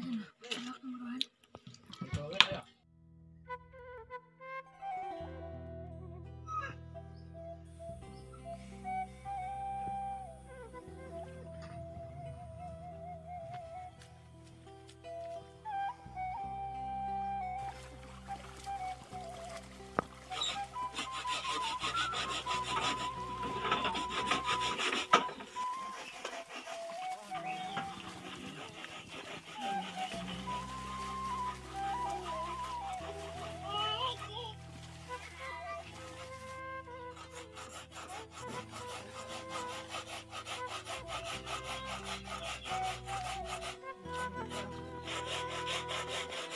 Thank you. Thank you.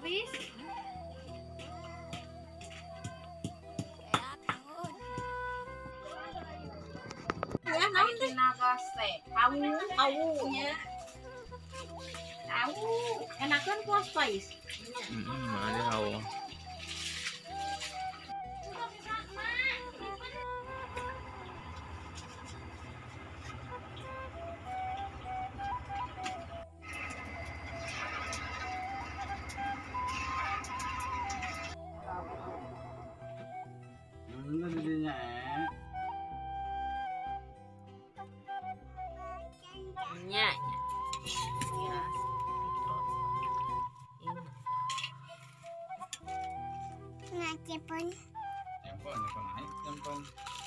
Luis? Ya, naon teh? Tinagos teh. Tahu, nya. awu enakan kuah spice. Heeh, ada awu. minyak ya Nah, cepon. Cepon, cepon cepon.